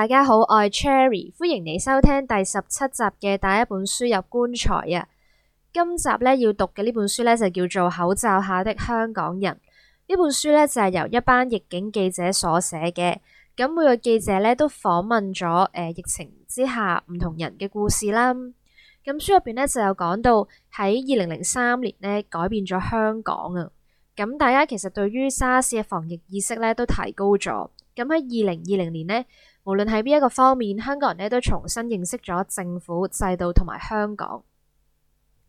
大家好，我係 Cherry 歡迎你收聽第十七集嘅帶一本書入棺材啊。今集咧要讀嘅呢本書咧就叫做《口罩下的香港人》，呢本書咧就係由一班疫境記者所寫嘅。咁每個記者咧都訪問咗誒、呃、疫情之下唔同人嘅故事啦。咁書入邊咧就有講到喺二零零三年咧改變咗香港啊。咁大家其實對於沙士嘅防疫意識咧都提高咗。咁喺二零二零年呢。無論喺邊一個方面，香港人呢都重新認識咗政府制度同埋香港。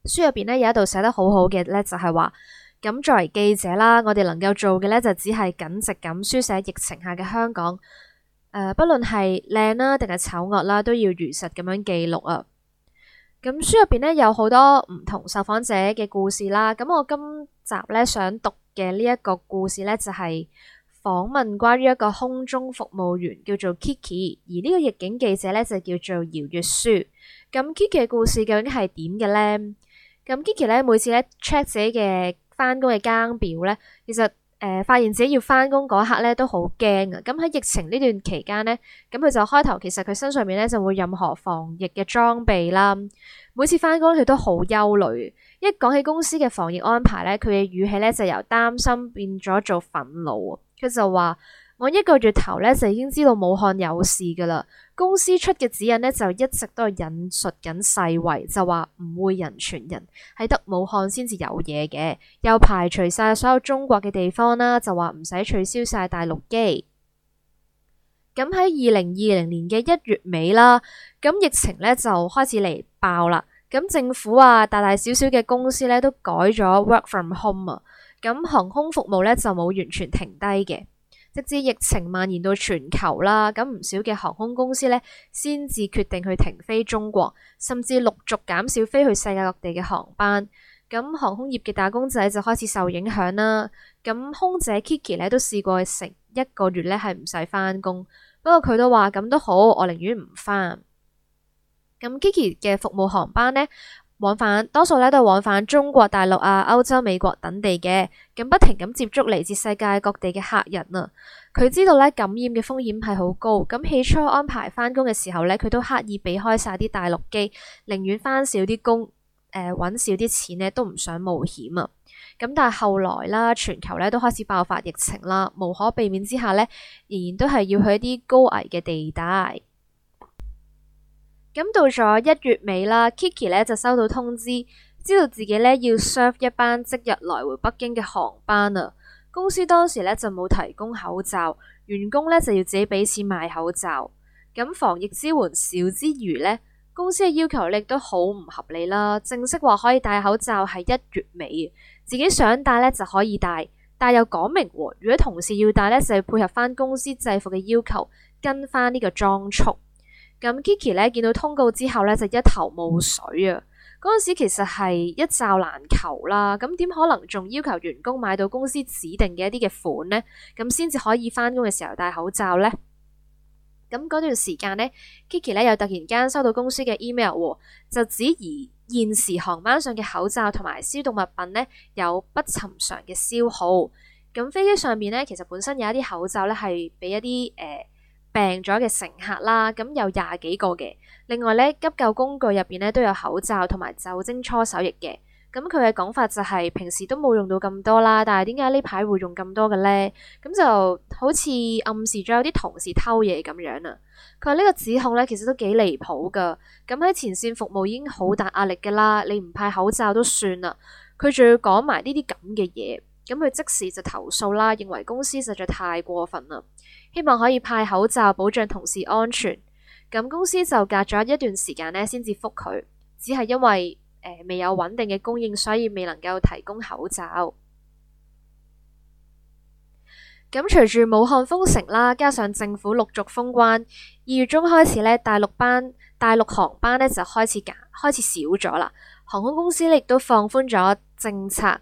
書入邊呢有一度寫得好好嘅呢，就係話咁作為記者啦，我哋能夠做嘅呢，就只係謹直咁書寫疫情下嘅香港。呃、不論係靚啦定係醜惡啦，都要如實咁樣記錄啊。咁書入邊呢，有好多唔同受訪者嘅故事啦。咁我今集呢，想讀嘅呢一個故事呢，就係、是。訪問關於一個空中服務員叫做 Kiki，而呢個疫境記者咧就叫做姚月舒。咁 Kiki 嘅故事究竟係點嘅咧？咁 Kiki 咧每次咧 check 自己嘅翻工嘅更表咧，其實誒、呃、發現自己要翻工嗰刻咧都好驚啊！咁喺疫情呢段期間咧，咁佢就開頭其實佢身上面咧就冇任何防疫嘅裝備啦。每次翻工佢都好憂慮，一講起公司嘅防疫安排咧，佢嘅語氣咧就由擔心變咗做憤怒。佢就話：我一個月頭呢，就已經知道武漢有事噶啦，公司出嘅指引呢，就一直都係引述緊世衛，就話唔會人傳人，係得武漢先至有嘢嘅，又排除晒所有中國嘅地方啦，就話唔使取消晒大陸機。咁喺二零二零年嘅一月尾啦，咁疫情呢，就開始嚟爆啦，咁政府啊，大大小小嘅公司呢，都改咗 work from home 啊。咁航空服務呢就冇完全停低嘅，直至疫情蔓延到全球啦。咁唔少嘅航空公司呢先至決定去停飛中國，甚至陸續減少飛去世界各地嘅航班。咁航空業嘅打工仔就開始受影響啦。咁空姐 Kiki 呢都試過成一個月呢係唔使翻工，不過佢都話咁都好，我寧願唔翻。咁 Kiki 嘅服務航班呢，往返多數呢都係往返中國大陸啊、歐洲、美國等地嘅，咁不停咁接觸嚟自世界各地嘅客人啊。佢知道呢感染嘅風險係好高，咁起初安排返工嘅時候呢，佢都刻意避開晒啲大陸機，寧願返少啲工，誒、呃、搵少啲錢呢都唔想冒險啊。咁但係後來啦，全球呢都開始爆發疫情啦，無可避免之下呢，仍然都係要去一啲高危嘅地帶。咁到咗一月尾啦，Kiki 呢就收到通知，知道自己呢要 serve 一班即日來回北京嘅航班啊。公司當時呢就冇提供口罩，員工呢就要自己俾錢買口罩。咁防疫支援少之餘呢，公司嘅要求亦都好唔合理啦。正式話可以戴口罩係一月尾，自己想戴呢就可以戴，但又講明喎，如果同事要戴呢，就要配合翻公司制服嘅要求，跟翻呢個裝束。咁 Kiki 呢，見到通告之後呢，就一頭霧水啊！嗰陣時其實係一罩難求啦，咁點可能仲要求員工買到公司指定嘅一啲嘅款呢？咁先至可以翻工嘅時候戴口罩呢？咁嗰段時間呢 k i k i 呢又突然間收到公司嘅 email，就指而現時航班上嘅口罩同埋消毒物品呢，有不尋常嘅消耗。咁飛機上面呢，其實本身有一啲口罩呢，係俾一啲誒，病咗嘅乘客啦，咁有廿幾個嘅。另外呢，急救工具入邊呢都有口罩同埋酒精搓手液嘅。咁佢嘅講法就係：「平時都冇用到咁多啦，但係點解呢排會用咁多嘅呢？」咁就好似暗示咗有啲同事偷嘢咁樣啊。佢話呢個指控呢其實都幾離譜噶。咁喺前線服務已經好大壓力噶啦，你唔派口罩都算啦，佢仲要講埋呢啲咁嘅嘢。咁佢即時就投訴啦，認為公司實在太過分啦。希望可以派口罩保障同事安全，咁公司就隔咗一段時間呢先至復佢，只係因為誒未有穩定嘅供應，所以未能夠提供口罩。咁隨住武漢封城啦，加上政府陸續封關，二月中開始呢大陸班大陸航班呢就開始減，開始少咗啦。航空公司亦都放寬咗政策。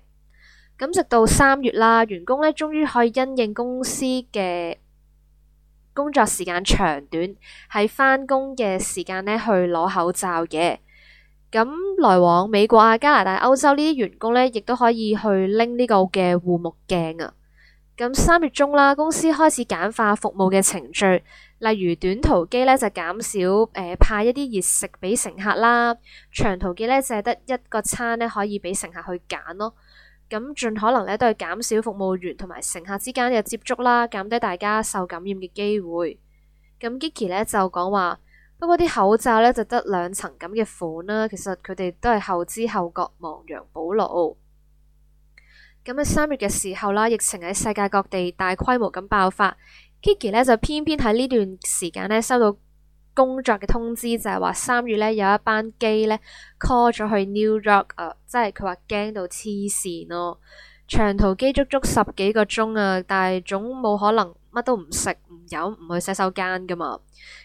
咁直到三月啦，員工呢終於可以因應公司嘅工作時間長短，喺翻工嘅時間呢去攞口罩嘅。咁來往美國啊、加拿大、歐洲呢啲員工呢，亦都可以去拎呢個嘅護目鏡啊。咁三月中啦，公司開始簡化服務嘅程序，例如短途機呢就減少誒派一啲熱食俾乘客啦，長途機呢淨係得一個餐呢可以俾乘客去揀咯。咁盡可能呢都係減少服務員同埋乘客之間嘅接觸啦，減低大家受感染嘅機會。咁 Kiki 呢就講話，不過啲口罩呢就得兩層咁嘅款啦，其實佢哋都係後知後覺，亡羊補牢。咁喺三月嘅時候啦，疫情喺世界各地大規模咁爆發，Kiki 呢就偏偏喺呢段時間呢收到工作嘅通知，就係話三月咧有一班機咧 call 咗去 New York 啊，即係佢話驚到黐線咯。長途機足足十幾個鐘啊，但係總冇可能乜都唔食唔飲唔去洗手間噶嘛。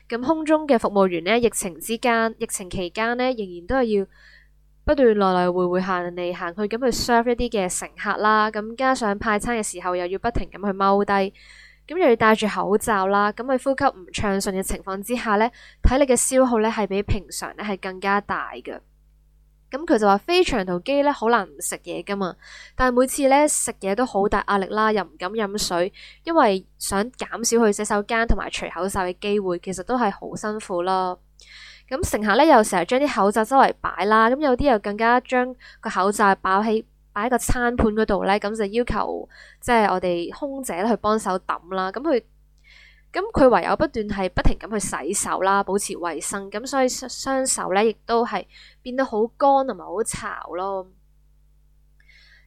咁空中嘅服務員呢，疫情之間疫情期間呢，仍然都係要不斷來來回回行嚟行去咁去 serve 一啲嘅乘客啦。咁、啊、加上派餐嘅時候又要不停咁去踎低。咁又要戴住口罩啦，咁喺呼吸唔暢順嘅情況之下呢，體力嘅消耗呢係比平常呢係更加大嘅。咁佢就話飛長途機呢，好難唔食嘢噶嘛，但係每次呢，食嘢都好大壓力啦，又唔敢飲水，因為想減少去洗手間同埋除口罩嘅機會，其實都係好辛苦囉。咁乘客呢，又成日將啲口罩周圍擺啦，咁有啲又更加將個口罩包起。擺喺一個餐盤嗰度呢，咁就要求即係、就是、我哋空姐去幫手抌啦。咁佢，咁佢唯有不斷係不停咁去洗手啦，保持衛生。咁所以雙手呢，亦都係變得好乾同埋好潮咯。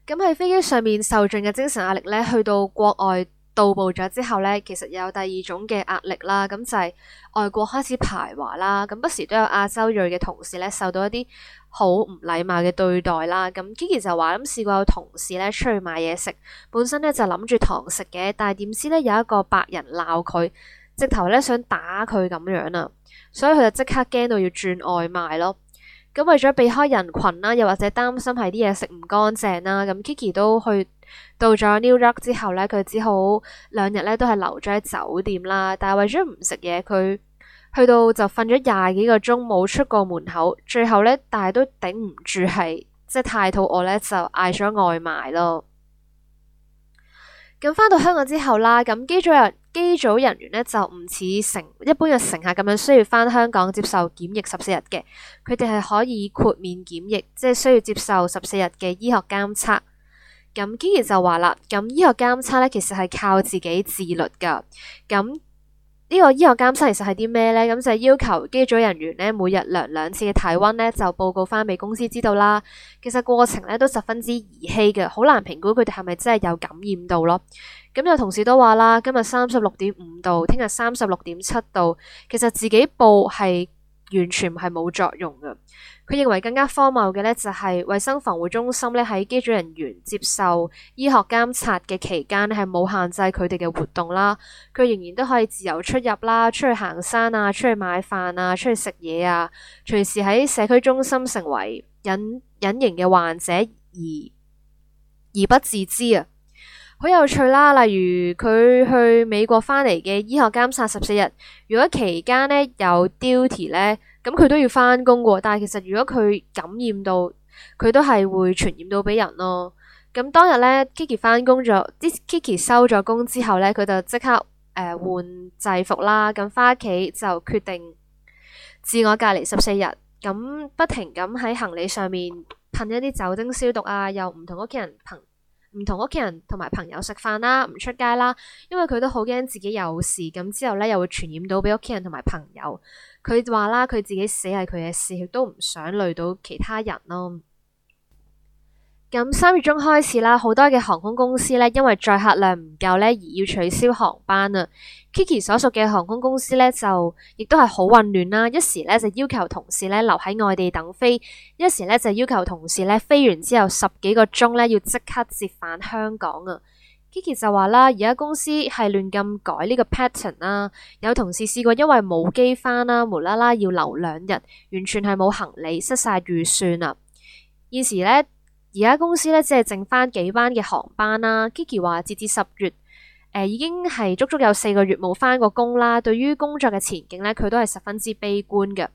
咁喺飛機上面受盡嘅精神壓力呢，去到國外。到步咗之後呢，其實有第二種嘅壓力啦，咁就係外國開始排華啦，咁不時都有亞洲裔嘅同事呢，受到一啲好唔禮貌嘅對待啦。咁 Kiki 就話，咁試過有同事呢，出去買嘢食，本身呢就諗住堂食嘅，但係點知呢有一個白人鬧佢，直頭呢想打佢咁樣啊，所以佢就即刻驚到要轉外賣咯。咁為咗避開人群啦，又或者擔心係啲嘢食唔乾淨啦，咁 Kiki 都去。到咗 New York 之後呢，佢只好兩日呢都係留咗喺酒店啦。但係為咗唔食嘢，佢去到就瞓咗廿幾個鐘，冇出過門口。最後呢，但係都頂唔住，係即係太肚餓呢，就嗌咗外賣咯。咁翻到香港之後啦，咁機組人機組人員呢，就唔似成一般嘅乘客咁樣需要翻香港接受檢疫十四日嘅，佢哋係可以豁免檢疫，即係需要接受十四日嘅醫學監測。咁 Kiki 就話啦，咁醫學監測咧其實係靠自己自律噶。咁呢個醫學監測其實係啲咩呢？咁就係要求機組人員呢每日量兩次嘅體温呢，就報告翻俾公司知道啦。其實過程咧都十分之兒戲嘅，好難評估佢哋係咪真係有感染到咯。咁有同事都話啦，今日三十六點五度，聽日三十六點七度，其實自己報係完全係冇作用嘅。佢認為更加荒謬嘅咧，就係衞生防護中心咧喺機組人員接受醫學監察嘅期間，咧係冇限制佢哋嘅活動啦。佢仍然都可以自由出入啦，出去行山啊，出去買飯啊，出去食嘢啊，隨時喺社區中心成為隱隱形嘅患者而而不自知啊！好有趣啦。例如佢去美國翻嚟嘅醫學監察十四日，如果期間咧有 duty 咧。咁佢都要翻工嘅，但係其實如果佢感染到，佢都係會傳染到俾人咯。咁當日呢 Kiki 翻工咗，啲 Kiki 收咗工之後呢，佢就即刻誒換、呃、制服啦。咁翻屋企就決定自我隔離十四日，咁不停咁喺行李上面噴一啲酒精消毒啊，又唔同屋企人噴唔同屋企人同埋朋友食飯啦，唔出街啦，因為佢都好驚自己有事，咁之後咧又會傳染到俾屋企人同埋朋友。佢話啦，佢自己死係佢嘅事，亦都唔想累到其他人咯。咁三月中開始啦，好多嘅航空公司呢，因為載客量唔夠呢，而要取消航班啊。Kiki 所屬嘅航空公司呢，就亦都係好混亂啦。一時呢，就要求同事呢留喺外地等飛，一時呢，就要求同事呢飛完之後十幾個鐘呢，要即刻折返香港啊。Kiki 就話啦，而家公司係亂咁改呢個 pattern 啦，啊，有同事試過因為冇機翻啦，無啦啦要留兩日，完全係冇行李，失晒預算啊。現時呢。而家公司呢，只係剩翻幾班嘅航班啦。Kiki 話截至十月，呃，已經係足足有四個月冇翻過工啦。對於工作嘅前景呢，佢都係十分之悲觀嘅。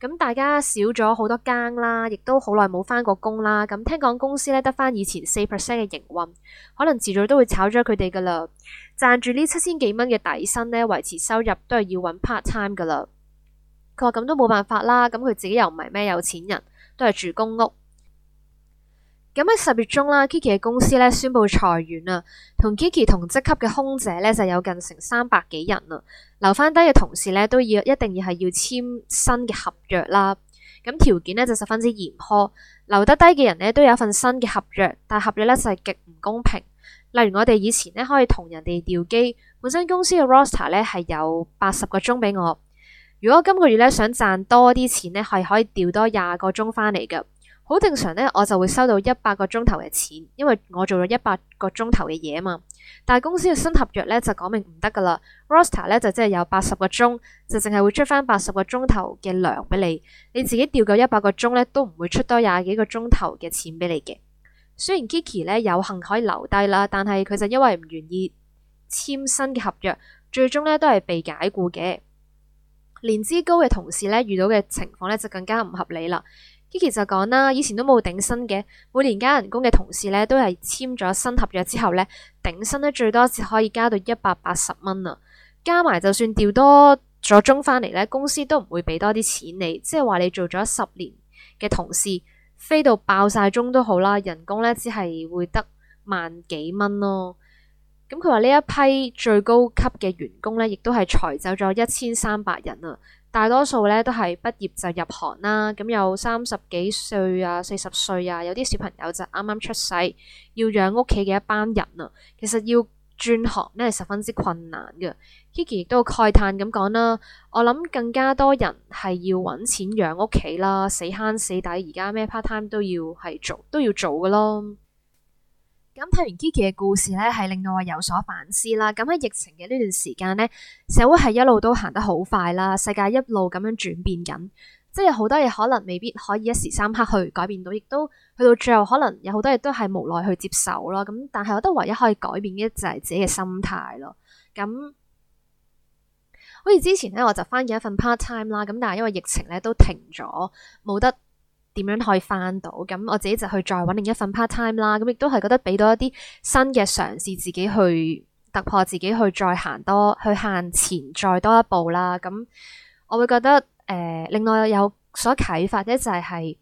咁大家少咗好多間啦，亦都好耐冇翻過工啦。咁聽講公司呢，得翻以前四 percent 嘅營運，可能遲早都會炒咗佢哋噶啦。賺住呢七千幾蚊嘅底薪呢，維持收入都係要搵 part time 噶啦。佢話咁都冇辦法啦，咁佢自己又唔係咩有錢人，都係住公屋。咁喺十月中啦，Kiki 嘅公司呢，宣布裁員啊，同 Kiki 同職級嘅空姐呢，就有近成三百幾人啊，留翻低嘅同事呢，都要一定要係要簽新嘅合約啦。咁條件呢，就十分之嚴苛，留得低嘅人呢，都有一份新嘅合約，但合約呢，就係極唔公平。例如我哋以前呢，可以同人哋調機，本身公司嘅 roster 呢，係有八十個鐘俾我，如果今個月呢，想賺多啲錢呢，係可以調多廿個鐘翻嚟㗎。好正常呢，我就會收到一百個鐘頭嘅錢，因為我做咗一百個鐘頭嘅嘢嘛。但係公司嘅新合約呢，就講明唔得噶啦，Roster 呢，就即係有八十個鐘，就淨係會出翻八十個鐘頭嘅糧俾你，你自己掉夠一百個鐘呢，都唔會出多廿幾個鐘頭嘅錢俾你嘅。雖然 Kiki 呢有幸可以留低啦，但係佢就因為唔願意簽新嘅合約，最終呢都係被解雇嘅。年資高嘅同事呢，遇到嘅情況呢，就更加唔合理啦。Kiki 就講啦，以前都冇頂薪嘅，每年加人工嘅同事呢，都係簽咗新合約之後呢，頂薪呢最多只可以加到一百八十蚊啊，加埋就算調多咗鐘翻嚟呢，公司都唔會俾多啲錢你，即係話你做咗十年嘅同事，飛到爆晒鐘都好啦，人工呢，只係會得萬幾蚊咯。咁佢話呢一批最高級嘅員工呢，亦都係裁走咗一千三百人啊。大多數咧都係畢業就入行啦，咁有三十幾歲啊、四十歲啊，有啲小朋友就啱啱出世，要養屋企嘅一班人啊。其實要轉行咧，係十分之困難嘅。Kiki 亦都慨嘆咁講啦，我諗更加多人係要揾錢養屋企啦，死慳死抵，而家咩 part time 都要係做都要做嘅咯。咁睇完 Kiki 嘅故事咧，係令到我有所反思啦。咁喺疫情嘅呢段時間咧，社會係一路都行得好快啦，世界一路咁樣轉變緊，即係好多嘢可能未必可以一時三刻去改變到，亦都去到最後可能有好多嘢都係無奈去接受咯。咁但係我覺得唯一可以改變嘅就係自己嘅心態咯。咁好似之前咧，我就返咗一份 part time 啦，咁但係因為疫情咧都停咗，冇得。點樣可以翻到？咁我自己就去再搵另一份 part time 啦。咁亦都係覺得俾到一啲新嘅嘗試，自己去突破，自己去再行多去向前再多一步啦。咁我會覺得誒、呃，另外有所啟發嘅就係、是，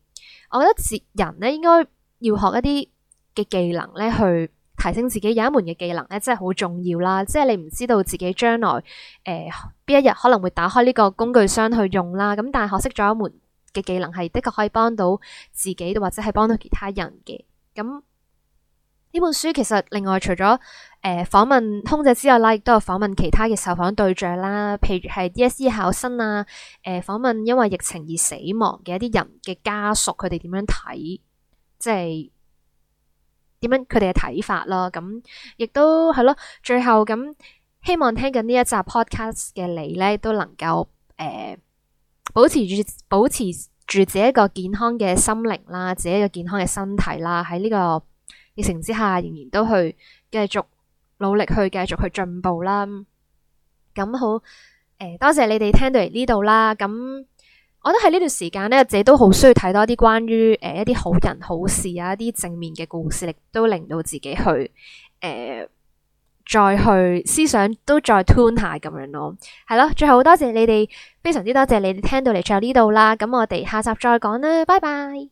我覺得自人咧應該要學一啲嘅技能咧，去提升自己。有一門嘅技能咧，真係好重要啦。即係你唔知道自己將來誒，邊、呃、一日可能會打開呢個工具箱去用啦。咁但係學識咗一門。嘅技能係的確可以幫到自己，或者係幫到其他人嘅。咁呢本書其實另外除咗誒、呃、訪問空姐之外啦，亦都有訪問其他嘅受訪對象啦，譬如係 DSE 考生啊，誒、呃、訪問因為疫情而死亡嘅一啲人嘅家屬，佢哋點樣睇，即係點樣佢哋嘅睇法啦。咁亦都係咯，最後咁希望聽緊呢一集 podcast 嘅你咧，都能夠誒。呃保持住保持住自己一個健康嘅心靈啦，自己一個健康嘅身體啦，喺呢個疫情之下，仍然都去繼續努力去繼續去進步啦。咁、嗯、好，誒、呃，多謝你哋聽到嚟呢度啦。咁、嗯，我覺得喺呢段時間咧，自己都好需要睇多啲關於誒、呃、一啲好人好事啊，一啲正面嘅故事，亦都令到自己去誒。呃再去思想，都再 t u n 下咁樣咯，係咯，最後多謝你哋，非常之多謝你哋聽到嚟，就呢度啦，咁我哋下集再講啦，拜拜。